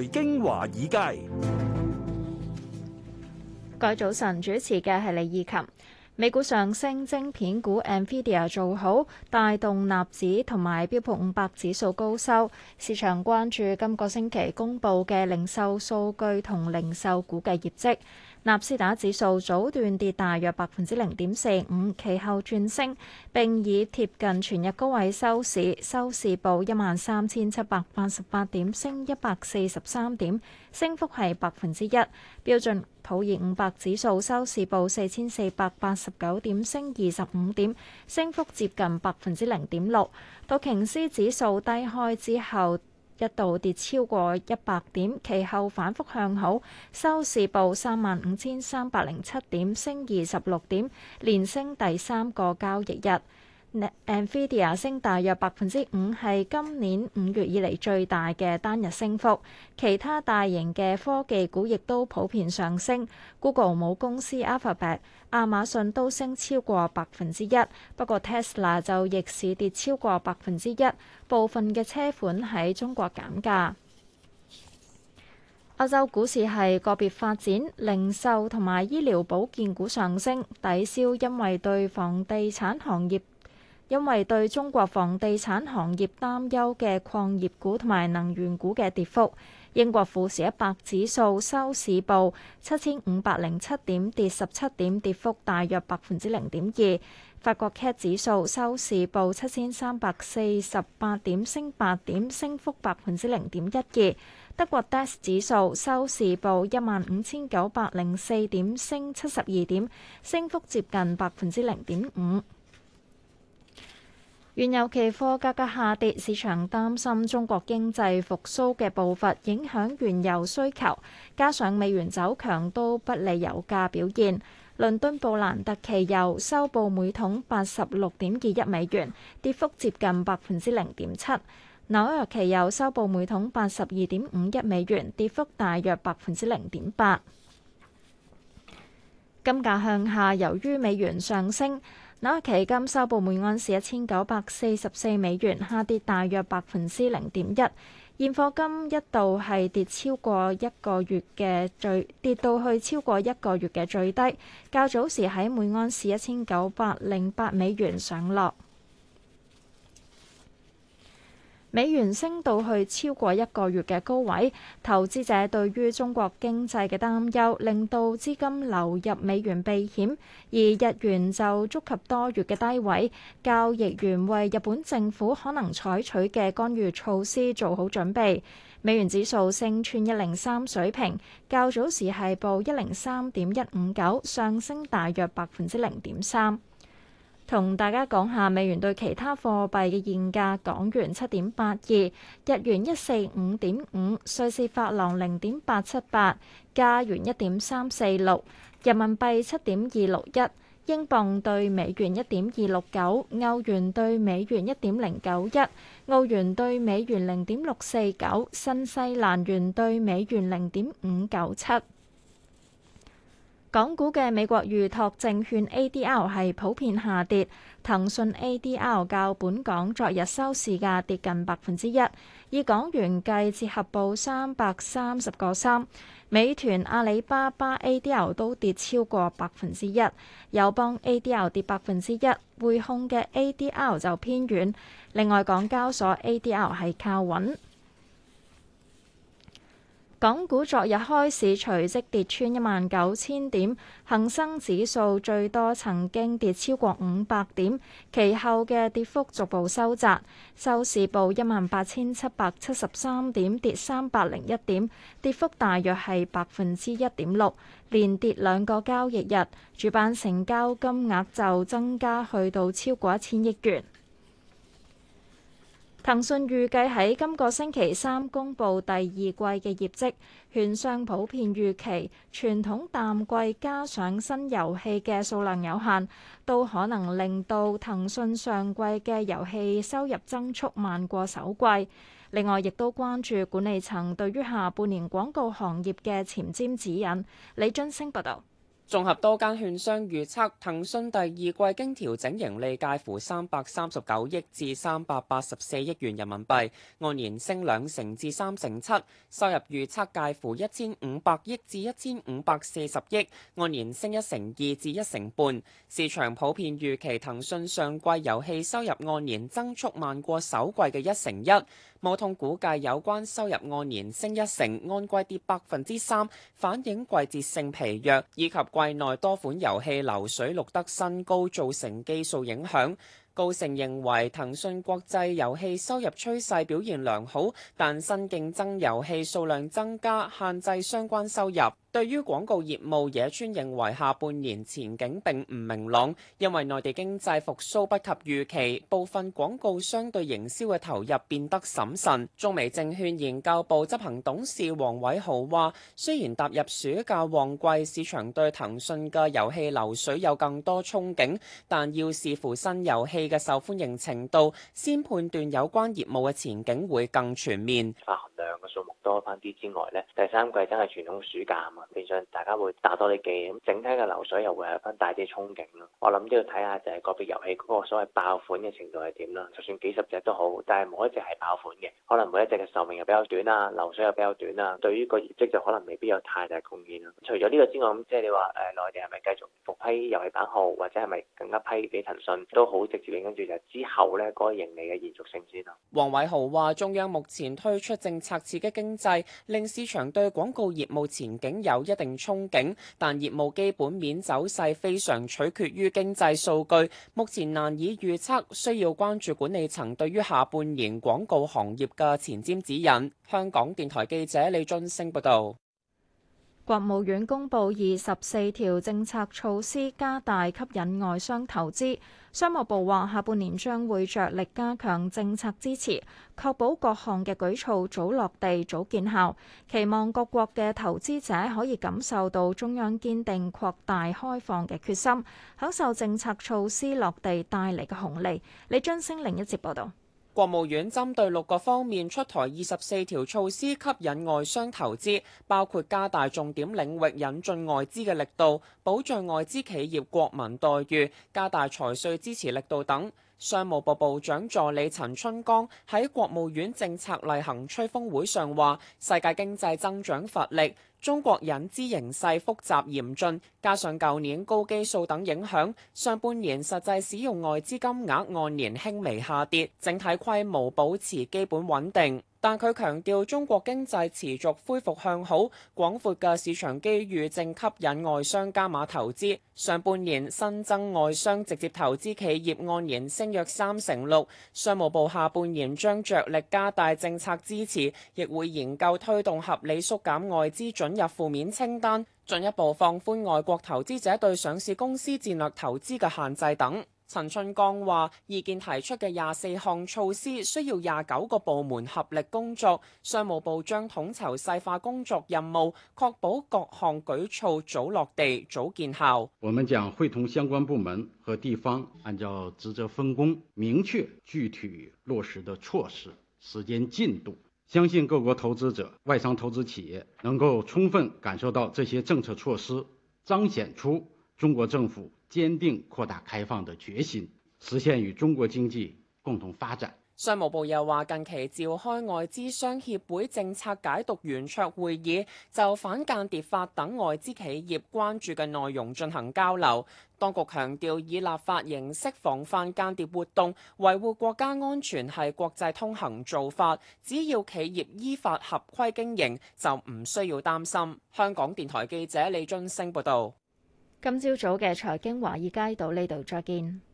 財經華爾街，今早晨主持嘅係李義琴。美股上升，晶片股 Nvidia 做好，帶動納指同埋標普五百指數高收。市場關注今個星期公布嘅零售數據同零售股嘅業績。納斯達指數早段跌大約百分之零點四五，其後轉升並以貼近全日高位收市，收市報一萬三千七百八十八點，升一百四十三點，升幅係百分之一。標準普爾五百指數收市報四千四百八十九點，升二十五點，升幅接近百分之零點六。道瓊斯指數低開之後，一度跌超過一百點，其後反覆向好，收市報三萬五千三百零七點，升二十六點，連升第三個交易日。Nvidia 升大約百分之五，係今年五月以嚟最大嘅單日升幅。其他大型嘅科技股亦都普遍上升。Google 母公司 Alphabet、亞馬遜都升超過百分之一，不過 Tesla 就逆市跌超過百分之一。部分嘅車款喺中國減價。亞洲股市係個別發展，零售同埋醫療保健股上升抵消，因為對房地產行業。因為對中國房地產行業擔憂嘅礦業股同埋能源股嘅跌幅，英國富時一百指數收市報七千五百零七點，跌十七點，跌幅大約百分之零點二。法國 CAC 指數收市報七千三百四十八點，升八點，升幅百分之零點一二。德國 DAX 指數收市報一萬五千九百零四點，升七十二點，升幅接近百分之零點五。原油期貨價格下跌，市場擔心中國經濟復甦嘅步伐影響原油需求，加上美元走強都不利油價表現。倫敦布蘭特期油收報每桶八十六點二一美元，跌幅接近百分之零點七；紐約期油收報每桶八十二點五一美元，跌幅大約百分之零點八。金價向下，由於美元上升。紐期金收報每盎司一千九百四十四美元，下跌大約百分之零點一。現貨金一度係跌超過一個月嘅最，跌到去超過一個月嘅最低。較早時喺每盎司一千九百零八美元上落。美元升到去超過一個月嘅高位，投資者對於中國經濟嘅擔憂令到資金流入美元避險，而日元就觸及多月嘅低位，交易員為日本政府可能採取嘅干預措施做好準備。美元指數升穿一零三水平，較早時係報一零三點一五九，上升大約百分之零點三。同大家講下美元對其他貨幣嘅現價：港元七點八二，日元一四五點五，瑞士法郎零點八七八，加元一點三四六，人民幣七點二六一，英鎊對美元一點二六九，歐元對美元一點零九一，澳元對美元零點六四九，新西蘭元對美元零點五九七。港股嘅美國預託證券 A D R 係普遍下跌，騰訊 A D R 較本港昨日收市價跌近百分之一，以港元計折合報三百三十個三。美團、阿里巴巴 A D R 都跌超過百分之一，友邦 A D R 跌百分之一，匯控嘅 A D R 就偏軟。另外，港交所 A D R 係靠穩。港股昨日開市隨即跌穿一萬九千點，恒生指數最多曾經跌超過五百點，其後嘅跌幅逐步收窄，收市報一萬八千七百七十三點，跌三百零一點，跌幅大約係百分之一點六，連跌兩個交易日，主板成交金額就增加去到超過一千億元。騰訊預計喺今個星期三公布第二季嘅業績，券商普遍預期傳統淡季加上新遊戲嘅數量有限，都可能令到騰訊上季嘅遊戲收入增速慢過首季。另外，亦都關注管理層對於下半年廣告行業嘅前瞻指引。李津星報道。綜合多間券商預測，騰訊第二季經調整盈利介乎三百三十九億至三百八十四億元人民幣，按年升兩成至三成七；收入預測介乎一千五百億至一千五百四十億，按年升一成二至一成半。市場普遍預期騰訊上季遊戲收入按年增速慢過首季嘅一成一。摩通估計有關收入按年升一成，按季跌百分之三，反映季節性疲弱以及季內多款遊戲流水錄得新高，造成基數影響。高盛認為騰訊國際遊戲收入趨勢表現良好，但新競爭遊戲數量增加限制相關收入。對於廣告業務，野村認為下半年前景並唔明朗，因為內地經濟復甦不及預期，部分廣告商對營銷嘅投入變得審慎。中美證券研究部執行董事黃偉豪話，雖然踏入暑假旺季，市場對騰訊嘅遊戲流水有更多憧憬，但要視乎新遊戲嘅受歡迎程度，先判斷有關業務嘅前景會更全面。數目多翻啲之外咧，第三季真係傳統暑假啊嘛，變相大家會打多啲機，咁整體嘅流水又會有一翻大啲憧憬咯。我諗都要睇下就係個別遊戲嗰個所謂爆款嘅程度係點咯，就算幾十隻都好，但係冇一隻係爆款嘅，可能每一隻嘅壽命又比較短啊，流水又比較短啊，對於個業績就可能未必有太大貢獻咯。除咗呢個之外，咁即係你話誒內地係咪繼續復批遊戲版號，或者係咪更加批俾騰訊都好直接，跟住就之後呢嗰個盈利嘅延續性先咯。黃偉豪話：中央目前推出政策。刺激經濟，令市場對廣告業務前景有一定憧憬，但業務基本面走勢非常取決於經濟數據，目前難以預測，需要關注管理層對於下半年廣告行業嘅前瞻指引。香港電台記者李津星報道。國務院公布二十四條政策措施，加大吸引外商投資。商務部話，下半年將會着力加強政策支持，確保各項嘅舉措早落地、早見效，期望各國嘅投資者可以感受到中央堅定擴大開放嘅決心，享受政策措施落地帶嚟嘅紅利。李津星另一節報道。國務院針對六個方面出台二十四條措施吸引外商投資，包括加大重點領域引進外資嘅力度、保障外資企業國民待遇、加大財稅支持力度等。商務部部長助理陳春江喺國務院政策例行吹風會上話，世界經濟增長乏力，中國引資形勢複雜嚴峻，加上舊年高基數等影響，上半年實際使用外資金額按年輕微下跌，整體規模保持基本穩定。但佢強調，中國經濟持續恢復向好，廣闊嘅市場機遇正吸引外商加碼投資。上半年新增外商直接投資企業按年升約三成六。商務部下半年將着力加大政策支持，亦會研究推動合理縮減外資准入負面清單，進一步放寬外國投資者對上市公司戰略投資嘅限制等。陳春江話：意見提出嘅廿四項措施需要廿九個部門合力工作，商務部將統籌細化工作任務，確保各項舉措早落地、早見效。我們將會同相關部門和地方，按照職責分工，明確具體落實的措施、時間進度。相信各國投資者、外商投資企業能夠充分感受到這些政策措施彰顯出。中國政府堅定擴大開放的決心，實現與中國經濟共同發展。商務部又話，近期召開外資商協會政策解讀圓桌會議，就反間諜法等外資企業關注嘅內容進行交流。當局強調，以立法形式防範間諜活動，維護國家安全係國際通行做法。只要企業依法合規經營，就唔需要擔心。香港電台記者李津星報道。今朝早嘅財經華爾街到呢度，再見。